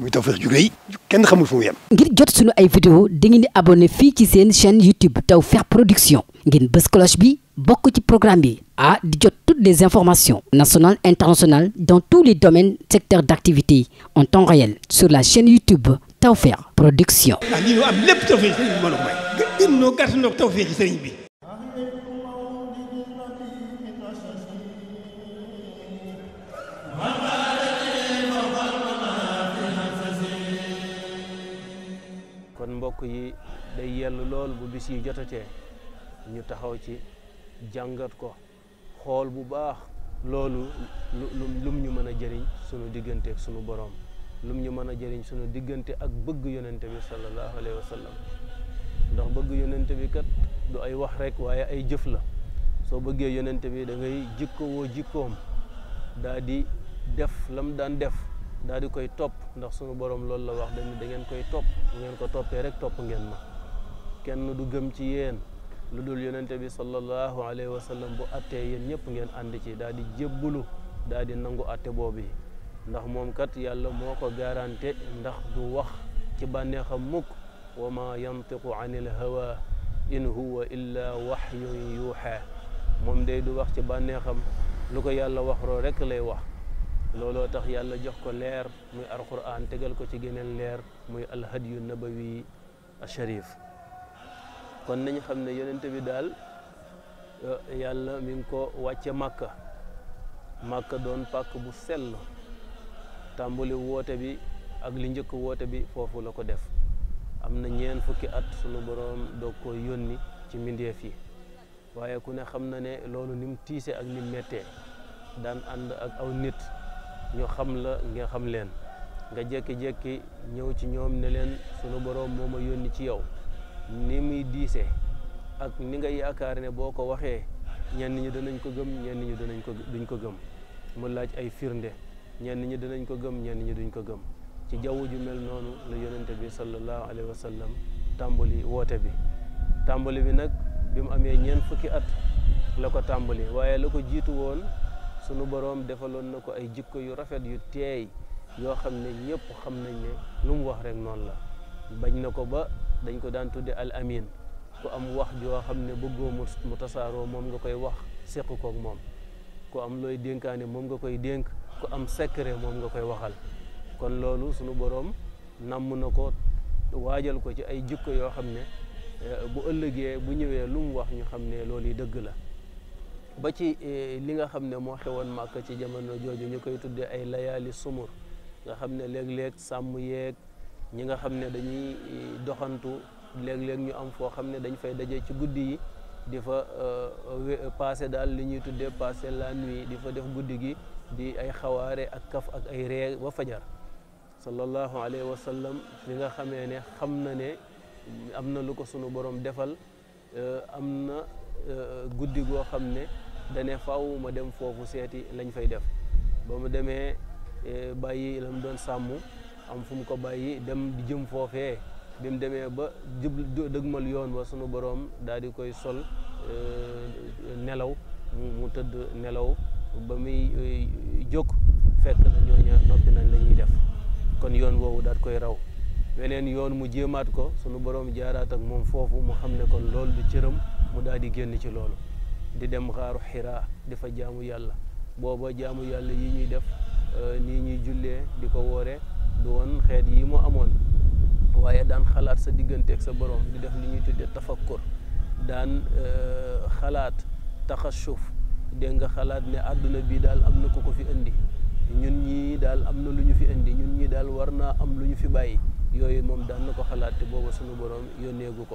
muy Tawfekh ju rëy kenn ngir jot sunu ay vidéo dangeen di abonné fii ci seen chaîne YouTube Tawfekh Production ngeen bës cloche bi bokk ci programme bi a di jot toutes les informations nationales internationales dans tous les domaines secteurs d'activité en temps réel sur la chaîne YouTube Tawfekh Production. Ah, mbokk yi day yell lool bu bis yi jotatee ñu taxaw ci jàngat ko xool bu baax loolu lum ñu mën a jëriñ sunu diggante sunu boroom lum ñu mën a jëriñ sunu diggante ak bëgg yonente bi sallallahu alayhi wa sallam bëgg yonente bi kat du ay wax rek waaye ay jëf la soo bëggee yonente bi dangay ngay jikkoom daa di def lam daan def daal di koy topp ndax sunu borom loolu la wax dañu da ngeen koy topp bu ngeen ko toppee rek topp ngeen ma kenn du gëm ci yéen lu dul yonente bi sallallahu alayhi wa sallam bu attee yéen ñëpp ngeen ànd ci daal di jébbulu daal di nangu atte boobu yi ndax moom kat yàlla moo ko garanté ndax du wax ci bànneexam mukk wa ma yantiqu anil hawa in huwa illa waxyun yuuxa moom day du wax ci bànneexam lu ko yàlla wax roo rek lay wax looloo tax yàlla jox ko leer muy alquran tegal ko ci geneen leer muy alhadiyu nabawi asharif kon nañ xam ne yonent bi daal eh, yàlla min ko wàcce màkka màkka doon pàkk bu sell tàmbali woote bi ak li njëkk woote bi foofu la ko def am na ñeen fukki at sunu boroom doog ko yónni ci mbindeef yi waaye ku ne xam na ne loolu ni tiise ak ni mu méttee daan ànd ak aw nit ñu xam la nga xam leen nga jékki-jékki ñëw ci ñoom ne leen sunu boroom moo ma yónni ci yow ni muy diise ak ni nga yaakaar ne boo ko waxee ñenn ñi danañ ko gëm ñenn ñi danañ ko duñ ko gëm mu laaj ay firnde ñenn ñi danañ ko gëm ñenn ñi duñ ko gëm ci jaww ju mel noonu la yonente bi sallallahu alayhi wa sallam tàmbali woote bi tàmbali bi nag bi mu amee ñeent fukki at la ko tàmbali waaye la ko jiitu woon sunu boroom defaloon na ko ay jikko yu rafet yu teey yoo xam ne ñëpp xam nañ ne lu mu wax rek noonu la bañ na ko ba dañ ko daan tudde al amin ku am wax joo xam ne bëggoo mu tasaaroo moom nga koy wax séq koog moom ku am looy dénkaane moom nga koy dénk ku am secret moom nga koy waxal kon loolu sunu boroom namm na ko waajal ko ci ay jikko yoo xam ne eh, bu ëllëgee bu ñëwee lu mu wax ñu xam ne loolu yi dëgg la ba ci eh, li nga xam ne moo xewoon màkk ci jamono jooju ñu koy tuddee ay layaali sumur nga xam ne léeg-léeg sàmm yeeg ñi nga xam ne dañuy eh, doxantu léeg-léeg ñu am foo xam ne dañ fay daje ci guddi yi di fa eh, passé daal li ñuy tuddee passé la nuit di fa def guddi gi di ay xawaare ak kaf ak ay ree ba fajar sallallahu alayhi wa sallam li nga xamee ne xam na ne am na lu ko sunu borom defal am na guddi goo xam ne dane faaw ma dem foofu seeti lañ fay def ba mu demee eh, bàyyi la doon sàmm am fu mu ko bàyyi dem di jëm foofee bi mu demee ba jëb dëgmal yoon ba sunu boroom daal di koy sol eh, nelaw mu tëdd nelaw ba muy eh, jóg fekk na ñooña noppi nañ la def kon yoon woowu daat koy raw weneen yoon mu jéemaat ko sunu boroom jaaraat ak moom foofu mu xam ne kon loolu du cërëm mu daal di génn ci loolu di dem xaaru xiraa di fa jaamu yàlla booba jaamu yàlla yi ñuy def euh, ni ñuy jullee di ko woore du woon xeet yi mu amoon waaye daan xalaat sa diggante ak sa borom di def li ñuy tuddee tafakkur daan euh, xalaat taxasuf dégg nga xalaat ne àdduna bi daal am na ko ko fi indi ñun ñii daal am na lu ñu fi indi ñun ñi daal war naa am lu ñu fi bàyyi yooyu moom daan na ko xalaat te booba sunu borom yónneegu ko